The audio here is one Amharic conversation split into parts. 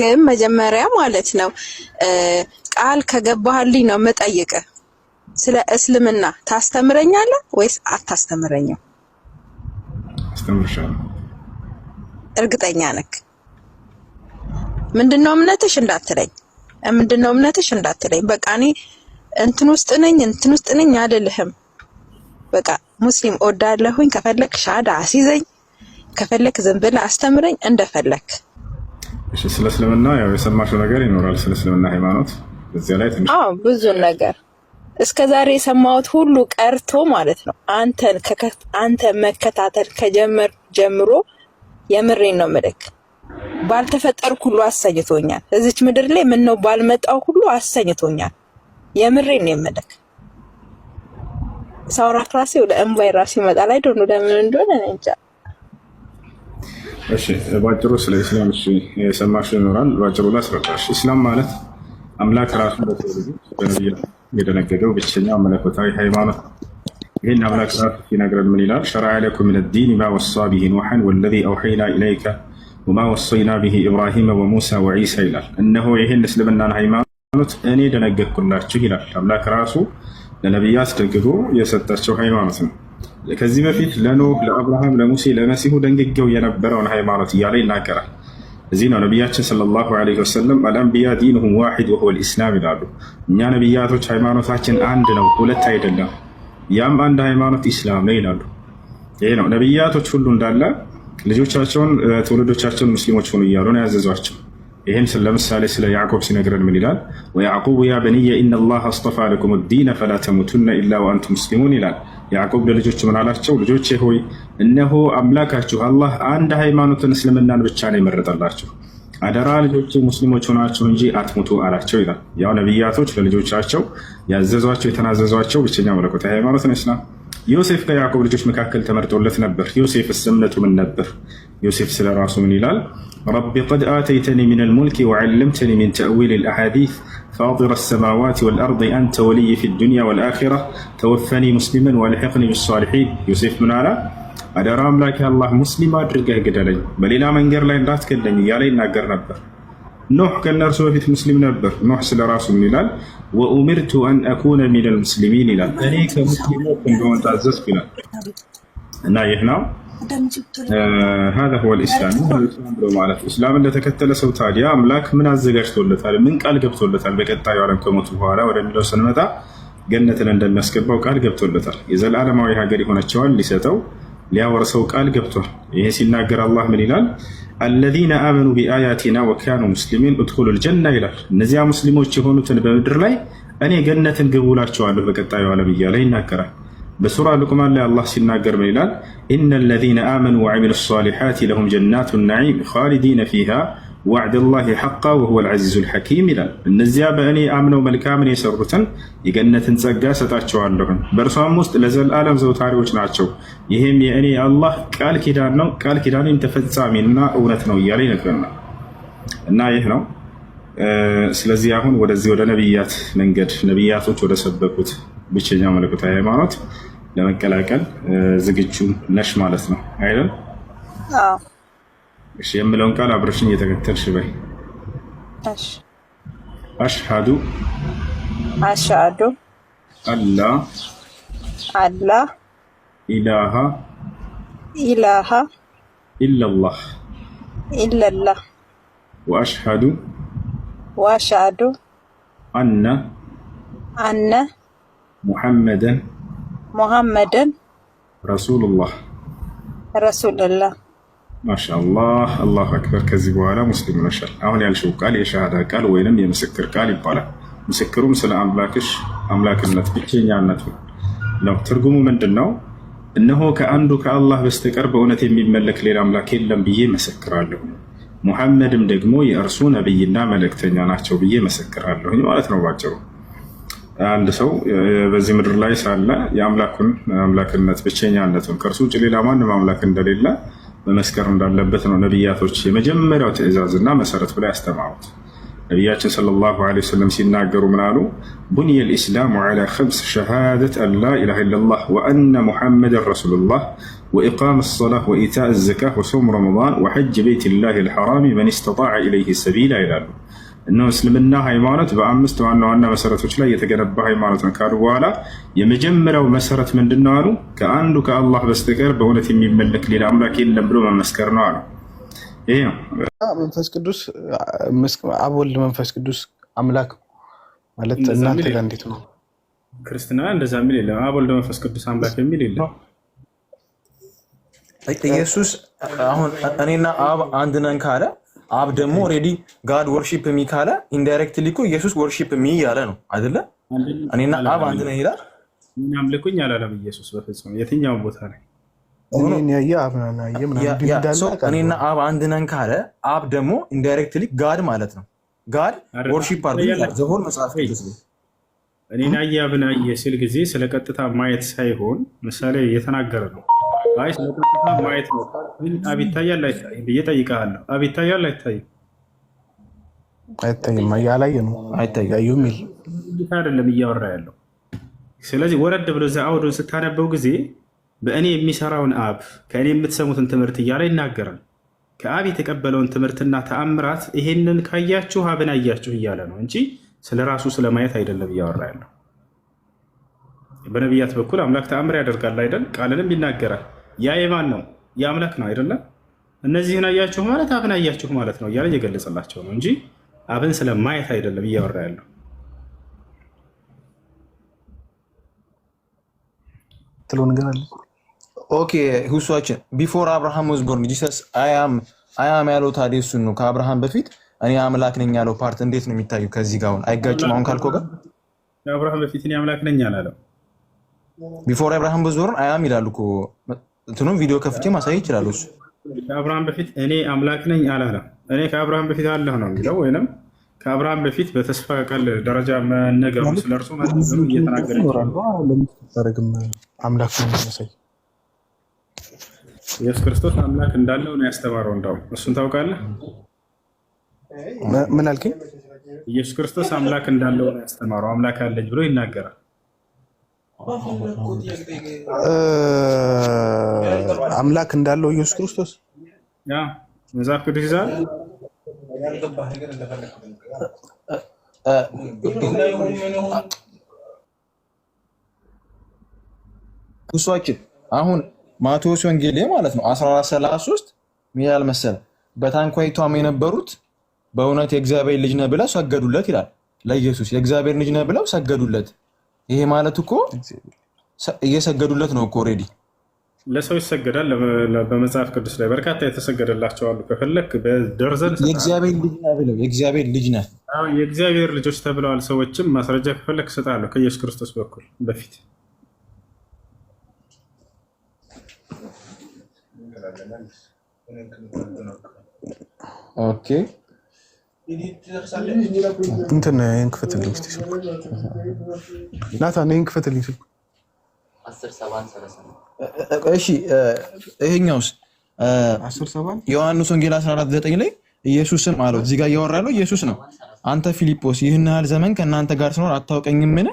ግን መጀመሪያ ማለት ነው ቃል ከገባህልኝ ነው መጠይቅ ስለ እስልምና ታስተምረኛለህ ወይስ አታስተምረኛው? አስተምርሻለሁ። እርግጠኛ ነክ? ምንድነው እምነትሽ እንዳትለኝ፣ ምንድነው እምነትሽ እንዳትለኝ። በቃ እኔ እንትን ውስጥ ነኝ እንትን ውስጥ ነኝ አልልህም። በቃ ሙስሊም ወዳለሁኝ፣ ከፈለክ ሻዳ አስይዘኝ፣ ከፈለክ ዝም ብለህ አስተምረኝ እንደፈለክ እሺ፣ ስለ እስልምና ያው የሰማሽው ነገር ይኖራል። ስለ እስልምና ሃይማኖት እዚያ ላይ ትንሽ አዎ፣ ብዙ ነገር እስከ ዛሬ የሰማሁት ሁሉ ቀርቶ ማለት ነው። አንተን አንተ መከታተል ከጀመር ጀምሮ የምሬን ነው ምልክ ባልተፈጠርኩ ሁሉ አሰኝቶኛል። እዚች ምድር ላይ ምን ነው ባልመጣው ሁሉ አሰኝቶኛል። የምሬን ነው የምልክ ሳውራ ራሴ ወደ እንባይ ራሴ ይመጣል። ለምን እንደሆነ እንጃ እሺ ባጭሩ ስለ እስላም እሺ የሰማሽ ይኖራል። ባጭሩ ላስረዳሽ። ኢስላም ማለት አምላክ ራሱ በነቢያት የደነገገው ብቸኛው መለኮታዊ ሃይማኖት ነው። ይህን አምላክ ራሱ ሲነግረን ምን ይላል? ሸረዐ ለኩም ሚነ ዲን ማ ወሳ ብሂ ኑሐን ወለዚ አውሐይና ኢለይከ ወማ ወሰይና ብሂ ኢብራሂመ ወሙሳ ወዒሳ ይላል። እነሆ ይህን እስልምናን ሃይማኖት እኔ ደነገግኩላችሁ ይላል። አምላክ ራሱ ለነቢያት አስደግጎ የሰጣቸው ሃይማኖት ነው። ከዚህ በፊት ለኖህ፣ ለአብርሃም፣ ለሙሴ፣ ለመሲሁ ደንግገው የነበረውን ሃይማኖት እያለ ይናገራል። እዚህ ነው ነቢያችን ሰለላሁ ዐለይሂ ወሰለም አልአንቢያ ዲንሁም ዋሂድ ወሁወ ልኢስላም ይላሉ። እኛ ነቢያቶች ሃይማኖታችን አንድ ነው፣ ሁለት አይደለም፣ ያም አንድ ሃይማኖት ኢስላም ነው ይላሉ። ይሄ ነው ነቢያቶች ሁሉ እንዳለ ልጆቻቸውን ትውልዶቻቸውን ሙስሊሞች ሁኑ እያሉ ነው ያዘዟቸው። ይህም ለምሳሌ ስለ ያዕቆብ ሲነግረን ምን ይላል? ወያዕቁብ ያ በንየ ኢነላህ አስጠፋ ለኩም ዲነ ፈላ ተሙቱና ኢላ ወአንቱም ሙስሊሙን ይላል። ያዕቆብ ለልጆች ምን አላቸው? ልጆቼ ሆይ እነሆ አምላካችሁ አላህ አንድ ሃይማኖትን እስልምናን ብቻ ነው የመረጠላችሁ። አደራ ልጆቼ ሙስሊሞች ሆናችሁ እንጂ አትሙቱ አላቸው ይላል። ያው ነቢያቶች ለልጆቻቸው ያዘዟቸው የተናዘዟቸው ብቸኛ መለኮታዊ ሃይማኖት ነች። ኢስላም። ዮሴፍ ከያዕቆብ ልጆች መካከል ተመርጦለት ነበር። ዮሴፍ እምነቱ ምን ነበር? ዮሴፍ ስለ ራሱ ምን ይላል? ረቢ ቀድ አተይተኒ ሚነል ልሙልክ ወዓለምተኒ ሚን ተእዊል አልአሓዲስ فاطر السماوات والأرض أنت ولي في الدنيا والآخرة توفني مسلما والحقني بالصالحين يوسፍ ምን አለ አደራ አምላክ አላህ ሙስሊም አድርገህ ግደለኝ፣ በሌላ መንገድ ላይ እንዳትገለኝ እያለ ይናገር ነበር። ኖህ ከእነርሱ በፊት ሙስሊም ነበር። ኖህ ስለ ራሱ ምን ይላል? ወኡሚርቱ አን አኩነ ሚነል ሙስሊሚን ይላል። እኔ ከሙስሊሞች እንደሆን ታዘዝኩ ይላል እና ይህ ነው ሀዛ ሁወ ልእስላም ብሎ ማለት እስላምን ለተከተለ ሰው ታዲያ አምላክ ምን አዘጋጅቶለታል? ምን ቃል ገብቶለታል? በቀጣዩ ዓለም ከሞቱ በኋላ ወደሚለው ስንመጣ ገነትን እንደሚያስገባው ቃል ገብቶለታል። የዘላለማዊ ሀገር የሆነቸዋል ሊሰጠው ሊያወርሰው ቃል ገብቷል። ይሄ ሲናገር አላህ ምን ይላል? አለዚነ አመኑ ቢአያቲና ወካኑ ሙስሊሚን እድኩሉ ልጀና ይላል። እነዚያ ሙስሊሞች የሆኑትን በምድር ላይ እኔ ገነትን ግቡ እላቸዋለሁ በቀጣዩ ዓለም እያለ ይናገራል። በሱራ ልቁማን ላይ አላህ ሲናገር ምን ይላል? ኢነ ለዚነ አመኑ ወዐሚሉ ሷሊሓት ለሁም ጀናቱ ነዒም ኻሊዲነ ፊሃ ወዕደላሂ ሐቃ ወሁወል ዐዚዙል ሐኪም ይላል። እነዚያ በእኔ አምነው መልካምን የሰሩትን የገነትን ጸጋ ሰጣቸዋለሁን በእርሷም ውስጥ ለዘላለም ዘውታሪዎች ናቸው። ይህም የእኔ አላህ ቃል ኪዳን ነው፣ ቃል ኪዳኔም ተፈጻሚና እውነት ነው እያለ ይነግረናል። እና ይህ ነው። ስለዚህ አሁን ወደዚህ ወደ ነቢያት መንገድ ነቢያቶች ወደ ሰበኩት ብቸኛው መለኮታዊ ሃይማኖት ለመቀላቀል ዝግጁ ነሽ ማለት ነው አይደል? እሺ የምለውን ቃል አብረሽኝ እየተከተልሽ በይ። አሽሃዱ አሽሃዱ አላ አላ ኢላሃ ኢላሃ ኢላላህ ኢላላህ ወአሽሃዱ ወአሽሃዱ አነ አነ ሙሐመደን ሙሐመደን ረሱሉላህ ረሱልላህ። ማሻአላህ አላሁ አክበር። ከዚህ በኋላ ሙስሊም ነሻል። አሁን ያልሽው ቃል የሻሃዳ ቃል ወይንም የምስክር ቃል ይባላል። ምስክሩም ስለ አምላክሽ አምላክነት ብቸኛነት ነው። ትርጉሙ ምንድን ነው? እነሆ ከአንዱ ከአላህ በስተቀር በእውነት የሚመለክ ሌላ አምላክ የለም ብዬ መሰክራለሁ። ሙሐመድም ደግሞ የእርሱ ነቢይና መልእክተኛ ናቸው ብዬ መሰክራለሁኝ ማለት ነው ባጭሩ። አንድ ሰው በዚህ ምድር ላይ ሳለ የአምላኩን አምላክነት ብቸኛነቱን ከእርሱ ውጭ ሌላ ማንም አምላክ እንደሌለ መመስከር እንዳለበት ነው ነቢያቶች የመጀመሪያው ትዕዛዝና መሰረት ብላ ያስተማሩት። ነቢያችን ሰለላሁ ዐለይሂ ወሰለም ሲናገሩ ምናሉ? ቡንየ ልእስላሙ ዐላ ከምስ ሸሃደት አን ላ ኢላሃ ኢለላህ ወአነ ሙሐመድን ረሱሉላህ ወኢቃም ሰላህ ወኢታእ ዘካህ ወሶም ረመዳን ወሐጅ ቤት ላህ ልሐራሚ መን ስተጣዐ ኢለይህ ሰቢላ ይላሉ። እና እስልምና ሃይማኖት በአምስት ዋና ዋና መሰረቶች ላይ የተገነባ ሃይማኖት ነው ካሉ በኋላ የመጀመሪያው መሰረት ምንድን ነው አሉ? ከአንዱ ከአላህ በስተቀር በእውነት የሚመለክ ሌላ አምላክ የለም ብሎ መመስከር ነው አሉ። ይሄ ነው መንፈስ ቅዱስ አብ ወልድ መንፈስ ቅዱስ አምላክ ማለት እናንተ ጋር እንዴት ነው? ክርስትና እንደዛ የሚል የለም። አብ ወልድ መንፈስ ቅዱስ አምላክ የሚል የለም። ኢየሱስ አሁን እኔና አብ አንድ ነን ካለ አብ ደግሞ ኦልሬዲ ጋድ ወርሺፕ ሚ ካለ ኢንዳይሬክትሊ እኮ ኢየሱስ ወርሺፕ ሚ እያለ ነው አይደለ? እኔና አብ አንድ ነን ይላል። አምልኩኝ አላለም ኢየሱስ በፍጹም የትኛው ቦታ ላይ እኔና አብ አንድ ነን ካለ አብ ደግሞ ኢንዳይሬክትሊ ጋድ ማለት ነው። ጋድ ወርሺፕ አድርጎ ዘሆን መጽሐፍ እኔና አብን አየ ሲል ጊዜ ስለ ቀጥታ ማየት ሳይሆን ምሳሌ እየተናገረ ነው አይ ስለ ቀጥታ ማየት ነው። አብ ይታያል አይታይም ብዬ ጠይቀሃለሁ። አብ ይታያል አይታይም? አይታይም። ያላየ ነው አይታዩ ሚል አይደለም እያወራ ያለው። ስለዚህ ወረድ ብሎ እዚያ አውዱን ስታነበው ጊዜ በእኔ የሚሰራውን አብ ከእኔ የምትሰሙትን ትምህርት እያለ ይናገራል። ከአብ የተቀበለውን ትምህርትና ተአምራት ይሄንን ካያችሁ አብን አያችሁ እያለ ነው እንጂ ስለ ራሱ ስለማየት አይደለም እያወራ ያለው። በነቢያት በኩል አምላክ ተአምር ያደርጋል አይደል? ቃልንም ይናገራል። ያ የማን ነው? የአምላክ ነው አይደለም? እነዚህን አያችሁ ማለት አብን አያችሁ ማለት ነው እያለ እየገለጸላቸው ነው እንጂ አብን ስለ ማየት አይደለም እያወራ ያለው። ነገር አለ። ኦኬ ሁሷችን ቢፎር አብርሃም ወዝቦርን ጂሰስ አያም አያም ያለው ታዲያ እሱን ነው። ከአብርሃም በፊት እኔ አምላክ ነኝ ያለው ፓርት እንዴት ነው የሚታዩ? ከዚህ ጋር አሁን አይጋጭም። አሁን ካልኮ ጋር ከአብርሃም በፊት እኔ አምላክ ነኝ አላለም ቢፎር አብርሃም በዞርን አያም ይላሉ እኮ እንትኑም ቪዲዮ ከፍቼ ማሳየት ይችላሉ። እሱ ከአብርሃም በፊት እኔ አምላክ ነኝ አላለም። እኔ ከአብርሃም በፊት አለሁ ነው የሚለው ወይም ከአብርሃም በፊት በተስፋ ቃል ደረጃ መነገሩ ስለ እርሱ መዘኑ እየተናገረ አምላክ የሚያሳይ ኢየሱስ ክርስቶስ አምላክ እንዳለው ነው ያስተማረው። እንዳውም እሱን ታውቃለህ? ምን አልከኝ? ኢየሱስ ክርስቶስ አምላክ እንዳለው ነው ያስተማረው። አምላክ አለኝ ብሎ ይናገራል። አምላክ እንዳለው ኢየሱስ ክርስቶስ መጽሐፍ ቅዱስ ይዛል። እሷችን አሁን ማቴዎስ ወንጌል ማለት ነው 1433 ምን ይላል መሰለ? በታንኳይቷም የነበሩት በእውነት የእግዚአብሔር ልጅ ነህ ብለው ሰገዱለት ይላል። ለኢየሱስ የእግዚአብሔር ልጅ ነህ ብለው ሰገዱለት። ይሄ ማለት እኮ እየሰገዱለት ነው እኮ ኦልሬዲ ለሰው ይሰገዳል። በመጽሐፍ ቅዱስ ላይ በርካታ የተሰገደላቸው አሉ። ከፈለክ በደርዘን የእግዚአብሔር ልጅ ነህ። የእግዚአብሔር ልጆች ተብለዋል። ሰዎችም ማስረጃ ከፈለክ እሰጥሃለሁ ከኢየሱስ ክርስቶስ በኩል በፊት ኦኬ እንትን ክፈትልኝ ስልኩ ናታን፣ ክፈትልኝ ስልኩ። እሺ ይሄኛውስ ዮሐንስ ወንጌል 14፥9 ላይ ኢየሱስም አለው። እዚህ ጋር እያወራ ያለው ኢየሱስ ነው። አንተ ይህን ያህል ዘመን ከእናንተ ጋር ስኖር አታውቀኝምን?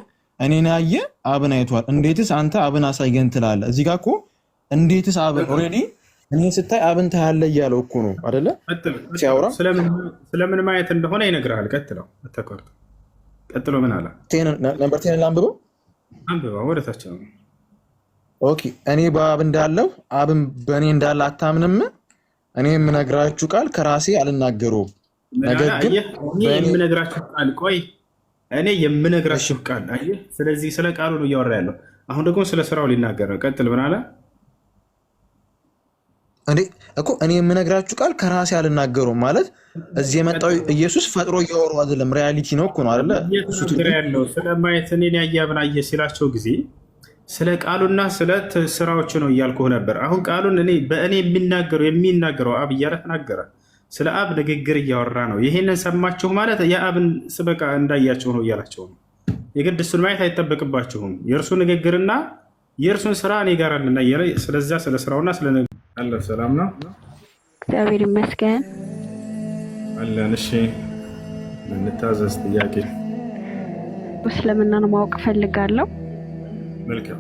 እኔን ያየ አብን አይቷል። እንዴትስ አንተ አብን አሳየን ትላለህ? እዚህ ጋር እኮ እንዴትስ አብን ኦልሬዲ እኔ ስታይ አብን ታያለህ እያለው እኮ ነው አደለ? ሲያወራ ስለምን ማየት እንደሆነ ይነግርሃል። ቀጥለው ተቆርጥ። ቀጥሎ ምን አለ? ነምበር ቴንን ላንብበው፣ ወደ ታች ነው። ኦኬ እኔ በአብ እንዳለው አብን በእኔ እንዳለ አታምንም። እኔ የምነግራችሁ ቃል ከራሴ አልናገረውም፣ ነገር ግን የምነግራችሁ ቃል ቆይ፣ እኔ የምነግራችሁ ቃል አየህ። ስለዚህ ስለ ቃሉ ነው እያወራ ያለው። አሁን ደግሞ ስለ ስራው ሊናገር ነው። ቀጥል፣ ምን አለ? እንዴ እኮ እኔ የምነግራችሁ ቃል ከራሴ አልናገሩም። ማለት እዚህ የመጣው ኢየሱስ ፈጥሮ እያወሩ አይደለም፣ ሪያሊቲ ነው እኮ ነው አለ ያለው። ስለማየት እኔን አየ ሲላቸው ጊዜ ስለ ቃሉና ስለ ስራዎች ነው እያልኩህ ነበር። አሁን ቃሉን እኔ በእኔ የሚናገረው የሚናገረው አብ እያለ ተናገረ። ስለ አብ ንግግር እያወራ ነው። ይሄንን ሰማችሁ ማለት የአብን ስበቃ እንዳያቸው ነው እያላቸው ነው። የግድ እሱን ማየት አይጠበቅባችሁም። የእርሱ ንግግርና የእርሱን ስራ እኔ ጋር አለና ስለዛ ስለ ስራውና ስለ አለ ሰላም ነው። እግዚአብሔር ይመስገን አለን። እሺ እንታዘዝ። ጥያቄ ነው ማወቅ እፈልጋለሁ። መልካም።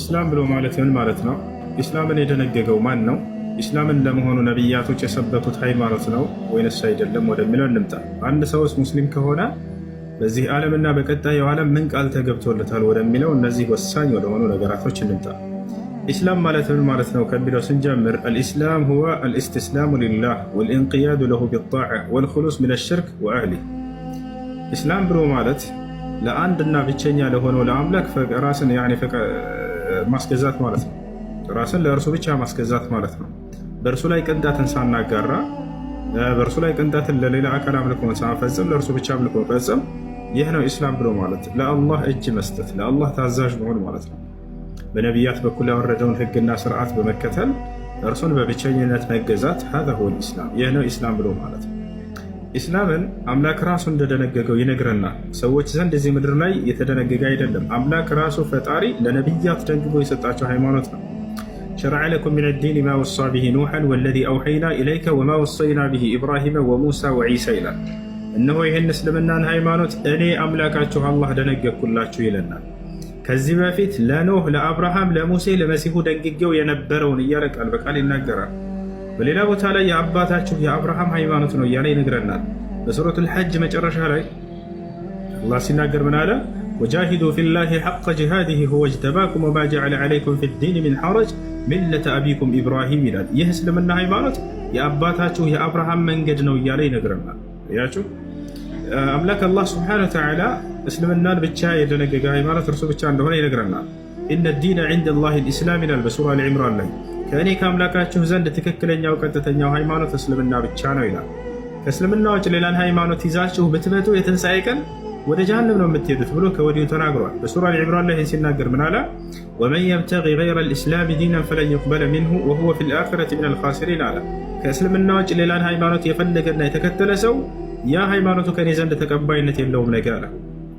ኢስላም ብሎ ማለት ምን ማለት ነው? ኢስላምን የደነገገው ማን ነው? ኢስላምን ለመሆኑ ነቢያቶች የሰበኩት ሃይማኖት ነው ወይንስ አይደለም ወደሚለው እንምጣ። አንድ ሰውስ ሙስሊም ከሆነ በዚህ ዓለምና በቀጣዩ ዓለም ምን ቃል ተገብቶለታል ወደሚለው እነዚህ ወሳኝ ወደሆኑ ነገራቶች እንምጣ። ኢስላም ማለት ምን ማለት ነው ከሚለው ስንጀምር አልኢስላም ሁወ አልእስትስላሙ ሊላህ ወልእንቅያዱ ለሁ ቢጣዕ ወልኹሉስ ምን አሽርክ ወአህሊ። ኢስላም ብሎ ማለት ለአንድና ብቸኛ ለሆነው ለአምላክ ራስን ማስገዛት ማለት ነው። ራስን ለእርሱ ብቻ ማስገዛት ማለት ነው። በእርሱ ላይ ቅንጣትን ሳናጋራ፣ በእርሱ ላይ ቅንጣትን ለሌላ አካል አምልኮን ሳንፈጽም፣ ለእርሱ ብቻ አምልኮ ፈጽም። ይህ ነው ኢስላም ብሎ ማለት ለአላህ እጅ መስጠት፣ ለአላህ ታዛዥ መሆን ማለት ነው። በነቢያት በኩል ያወረደውን ህግና ስርዓት በመከተል እርሱን በብቸኝነት መገዛት ሀዛ ሁወል ኢስላም፣ ይህ ነው ኢስላም ብሎ ማለት ነው። ኢስላምን አምላክ ራሱ እንደደነገገው ይነግረናል። ሰዎች ዘንድ እዚህ ምድር ላይ የተደነገገ አይደለም። አምላክ ራሱ ፈጣሪ ለነቢያት ደንግጎ የሰጣቸው ሃይማኖት ነው። ሸረዐ ለኩም ሚነ ዲን ማ ወሳ ብሂ ኑሐን ወለዚ አውሐይና ኢለይከ ወማ ወሰይና ብሂ ኢብራሂመ ወሙሳ ወዒሳ ይላል። እነሆ ይህን እስልምናን ሃይማኖት እኔ አምላካችሁ አላህ ደነገግኩላችሁ ይለናል። ከዚህ በፊት ለኖህ፣ ለአብርሃም፣ ለሙሴ፣ ለመሲሁ ደንግጌው የነበረውን እያለ ቃል በቃል ይናገራል። በሌላ ቦታ ላይ የአባታችሁ የአብርሃም ሃይማኖት ነው እያለ ይነግረናል። በሱረት ልሐጅ መጨረሻ ላይ አላህ ሲናገር ምን አለ? ወጃሂዱ ፊላሂ ሐቀ ጅሃዲሂ ሁወ እጅተባኩም ወማ ጀዐለ ዐለይኩም ፊዲን ሚን ሐረጅ ሚለተ አቢኩም ኢብራሂም ይላል። ይህ እስልምና ሃይማኖት የአባታችሁ የአብርሃም መንገድ ነው እያለ ይነግረናል። ያችሁ አምላክ አላህ ስብሓነሁ ወተዓላ እስልምናን ብቻ የደነገገ ሃይማኖት እርሱ ብቻ እንደሆነ ይነግረናል። ኢነ ዲነ ዒንደ ላሂ ልእስላም ይላል በሱራ ልዕምራን ላይ ከእኔ ከአምላካችሁ ዘንድ ትክክለኛው ቀጥተኛው ሃይማኖት እስልምና ብቻ ነው ይላል። ከእስልምና ውጭ ሌላን ሃይማኖት ይዛችሁ ብትመጡ የትንሣኤ ቀን ወደ ጀሃነም ነው የምትሄዱት ብሎ ከወዲሁ ተናግሯል። በሱራ ልዕምራን ላይ ሲናገር ምን አለ? ወመን የብተቂ ገይረ ልእስላም ዲናን ፈለን ዩቅበለ ሚንሁ ወሁወ ፊ ልአኽረት ምን አልኻሲሪን አለ። ከእስልምና ውጭ ሌላን ሃይማኖት የፈለገና የተከተለ ሰው ያ ሃይማኖቱ ከእኔ ዘንድ ተቀባይነት የለውም ነገር። አለ።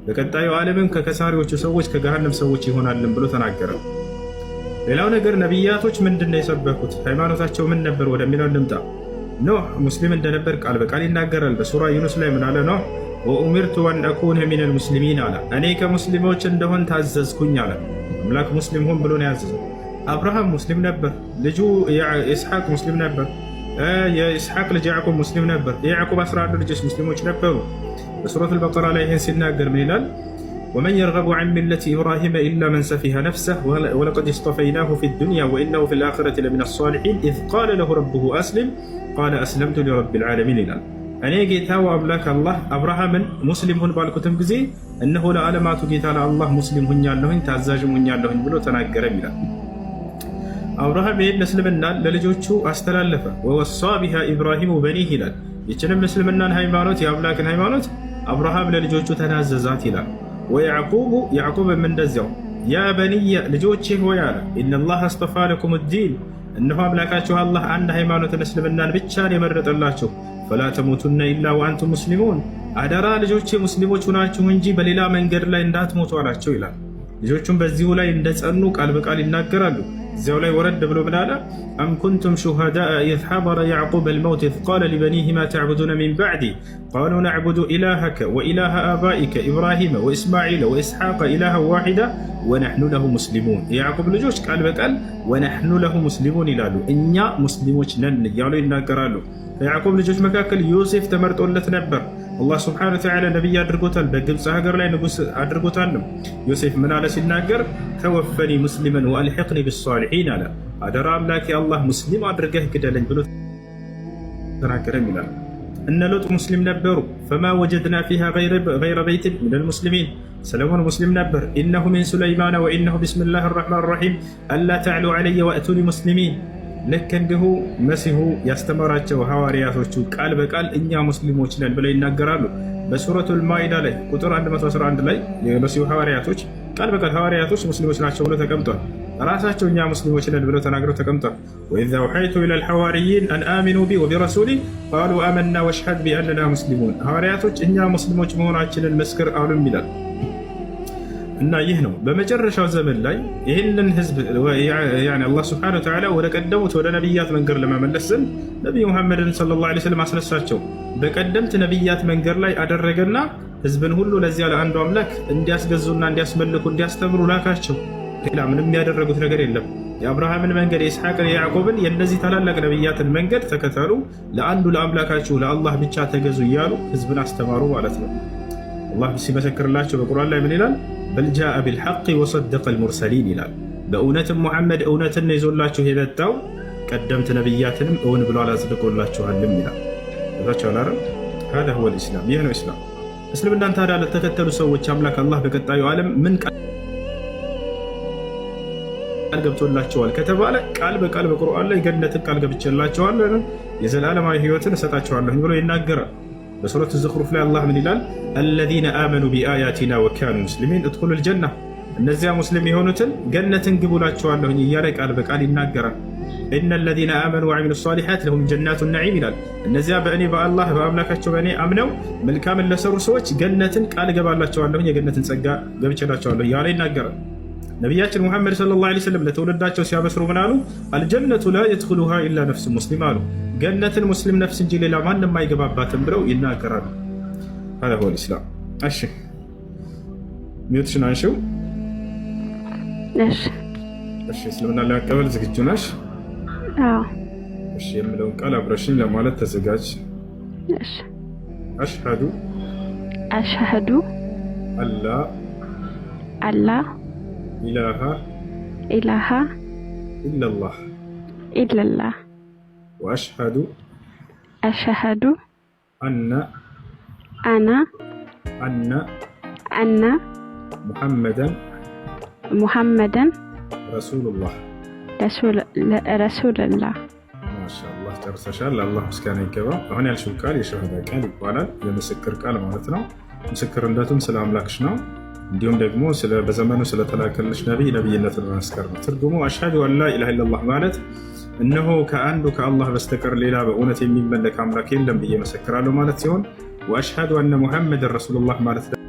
በቀጣዩ ዓለምም ከከሳሪዎቹ ሰዎች ከገሃነም ሰዎች ይሆናልን ብሎ ተናገረ። ሌላው ነገር ነቢያቶች ምንድነው የሰበኩት? ሃይማኖታቸው ምን ነበር ወደሚለው ልምጣ። ኖህ ሙስሊም እንደነበር ቃል በቃል ይናገራል። በሱራ ዩኑስ ላይ ምን አለ ኖህ? ወኡሚርቱ አን አኩነ ሚነል ሙስሊሚን አለ። እኔ ከሙስሊሞች እንደሆን ታዘዝኩኝ አለ። አምላክ ሙስሊም ሆን ብሎ ነው ያዘዘው። አብርሃም ሙስሊም ነበር። ልጁ ኢስሐቅ ሙስሊም ነበር። የኢስሐቅ ልጅ ያዕቁብ ሙስሊም ነበር። የያዕቁብ 11 ልጆች ሙስሊሞች ነበሩ። በሱረት አልበቀራ ላይ ይህን ሲናገር ምን ይላል? ወመን የርገቡ ዐን ሚለቲ ኢብራሂመ ኢላ መን ሰፊሀ ነፍሰህ ወለቀድ እስጠፈይናሁ ፊ ዱንያ ወኢነሁ ፊ ልአኺረቲ ለሚነ አሳሊሒን ኢዝ ቃለ ለሁ ረብሁ አስሊም ቃለ አስለምቱ ሊረቢ ልዓለሚን ይላል። እኔ ጌታው አምላክ አላህ አብርሃምን ሙስሊም ሁን ባልኩትም ጊዜ እነሆ ለዓለማቱ ጌታ ለአላህ ሙስሊም ሁኛለሁኝ ታዛዥም ሁኛለሁኝ ብሎ ተናገረም ይላል። አብርሃም ይህን እስልምናን ለልጆቹ አስተላለፈ። ወወሳ ቢሃ ኢብራሂሙ በኒህ ይላል። ይችንም እስልምናን ሃይማኖት የአምላክን ሃይማኖት አብርሃም ለልጆቹ ተናዘዛት ይላል። ወያዕቁቡ ያዕቁብም እንደዚያው ያ በንየ ልጆቼ ሆይ አለ ኢነላህ አስጠፋ ለኩም ዲን እነሆ አምላካችሁ አላህ አንድ ሃይማኖትን እስልምናን ብቻን የመረጠላችሁ ፈላ ተሞቱና ኢላ ወአንቱም ሙስሊሙን አደራ ልጆቼ ሙስሊሞች ሆናችሁ እንጂ በሌላ መንገድ ላይ እንዳትሞቱ አላቸው ይላል። ልጆቹም በዚሁ ላይ እንደጸኑ ቃል በቃል ይናገራሉ። እዚያው ላይ ወረድ ብሎ ምን አለ? አም ኩንቱም ሹሃዳአ ኢዝ ሐደረ ያዕቁብ አልመውት ኢዝ ቃለ ሊበኒህ ማ ተዕቡዱነ ሚን ባዕዲ ቃሉ ነዕቡዱ ኢላሀከ ወኢላሀ አባኢከ ኢብራሂመ ወኢስማዒለ ወኢስሓቀ ኢላሃን ዋሒዳ ወነሕኑ ለሁ ሙስሊሙን። የያዕቁብ ልጆች ቃል በቃል ወነሕኑ ለሁ ሙስሊሙን ይላሉ፣ እኛ ሙስሊሞች ነን እያሉ ይናገራሉ። ከያዕቁብ ልጆች መካከል ዮሴፍ ተመርጦለት ነበር። አላህ ስብሐነ ወተዓላ ነቢይ አድርጎታል። በግብፅ ሀገር ላይ ንጉስ አድርጎታል ዮሴፍ ምን አለ ሲናገር ተወፈኒ ሙስሊመን ወአልሕቅኒ ብሳሊሒን አለ። አደራ አምላክ አላህ ሙስሊም አድርገህ ግደለኝ ብሎ ተናገረም ይላል። እነ ሎጥ ሙስሊም ነበሩ። ፈማ ወጀድና ፊሃ ገይረ በይትን ሚነል ሙስሊሚን ሰለሞን ሙስሊም ነበር። ኢነሁ ሚን ሱለይማነ ወኢነሁ ብስሚላህ ራሕማን ራሒም አላ ተዕሉ ዐለየ ወእቱኒ ሙስሊሚን ልክ እንዲሁ መሲሁ ያስተማራቸው ሐዋርያቶቹ ቃል በቃል እኛ ሙስሊሞች ነን ብለው ይናገራሉ። በሱረቱል ማይዳ ላይ ቁጥር 111 ላይ የመሲሁ ሐዋርያቶች ቃል በቃል ሐዋርያቶች ሙስሊሞች ናቸው ብለው ተቀምጧል። ራሳቸው እኛ ሙስሊሞች ነን ብለው ተናግረው ተቀምጧል። ወኢዛ አውሐይቱ ኢለል ሐዋርይን አን አሚኑ ቢ ወቢረሱሊ ቃሉ አመና ወሽሐድ ቢአንና ሙስሊሙን ሐዋርያቶች እኛ ሙስሊሞች መሆናችንን መስክር አሉም ይላል። እና ይህ ነው በመጨረሻው ዘመን ላይ ይህንን ህዝብ አላህ ስብሐነሁ ወተዓላ ወደ ቀደሙት ወደ ነቢያት መንገድ ለመመለስ ዘንድ ነቢዩ ሙሐመድን ሰለላሁ ዐለይሂ ወሰለም አስነሳቸው። በቀደምት ነቢያት መንገድ ላይ አደረገና ህዝብን ሁሉ ለዚያ ለአንዱ አምላክ እንዲያስገዙና እንዲያስመልኩ እንዲያስተምሩ ላካቸው። ሌላ ምንም ያደረጉት ነገር የለም። የአብርሃምን መንገድ የኢስሐቅን፣ የያዕቆብን የእነዚህ ታላላቅ ነቢያትን መንገድ ተከተሉ፣ ለአንዱ ለአምላካችሁ ለአላህ ብቻ ተገዙ እያሉ ህዝብን አስተማሩ ማለት ነው። አላህ ሲመሰክርላቸው በቁርአን ላይ ምን ይላል? በልጃአ ቢልሐቅ ወሰደቀ ልሙርሰሊን ይላል። በእውነትም ሙሐመድ እውነትን ነው ይዞላችሁ የመጣው ቀደምት ነቢያትንም እውን ብሎ አላጽድቆላችኋልም ይላል። እዛቸው አላረ ሀዛ ሁወ ልእስላም ይህ ነው ኢስላም። እስልምናን ታዲያ ለተከተሉ ሰዎች አምላክ አላህ በቀጣዩ ዓለም ምን ቃል ገብቶላቸዋል ከተባለ ቃል በቃል በቁርአን ላይ ገነትን ቃል ገብቼላቸዋለሁ የዘላለማዊ ህይወትን እሰጣቸዋለሁ ብሎ ይናገራል። በሱረት ዘኽሩፍ ላይ አላህ ምን ይላል? አለዚነ አመኑ ቢአያቲና ወካኑ ሙስሊሚን እድኹሉል ጀና፣ እነዚያ ሙስሊም የሆኑትን ገነትን ግቡ እላቸዋለሁኝ እያለ ቃል በቃል ይናገራል። ኢነ አለዚነ አመኑ ወዐሚሉ ሷሊሓት ለሁም ጀናቱ ነዒም ይላል። እነዚያ በእኔ በአላህ በአምላካቸው በእኔ አምነው መልካምን ለሰሩ ሰዎች ገነትን ቃል እገባላቸዋለሁኝ የገነትን ጸጋ ገብቼላቸዋለሁ እያለ ይናገራል። ነቢያችን ሙሐመድ ሰለላሁ ዐለይሂ ወሰለም ለትውልዳቸው ሲያበስሩ ምን አሉ? አልጀነቱ ላ የድኹሉሃ ኢላ ነፍስ ሙስሊም አሉ። ገነትን ሙስሊም ነፍስ እንጂ ሌላ ማንም አይገባባትም ብለው ይናገራሉ። ሀዛሁል ኢስላም። እሺ ሚዩትሽን አንሺው። እሺ እስልምና ለመቀበል ዝግጁ ነሽ? እሺ የምለውን ቃል አብረሽኝ ለማለት ተዘጋጅ። አሽሀዱ አሽሀዱ አላ አላ إله إله إلا الله إلا الله وأشهد أشهد أن أنا أن أن محمدا محمدا رسول الله رسول رسول الله ما شاء الله تبارك شاء الله الله مسكين ይገባ አሁን شو ቃል የሸሃዳ ቃል ይባላል የምስክር ቃል ማለት مسكر ምስክርነቱም سلام لك شنو እንዲሁም ደግሞ በዘመኑ ስለተላከልሽ ነቢይ ነቢይነትን መመስከር ነው። ትርጉሙ አሽሀዱ አላ ኢላሃ ኢለላህ ማለት እነሆ ከአንዱ ከአላህ በስተቀር ሌላ በእውነት የሚመለክ አምላክ የለም ብዬ መሰክራለሁ ማለት ሲሆን ወአሽሀዱ አነ ሙሐመድን ረሱሉላህ ማለት ነው።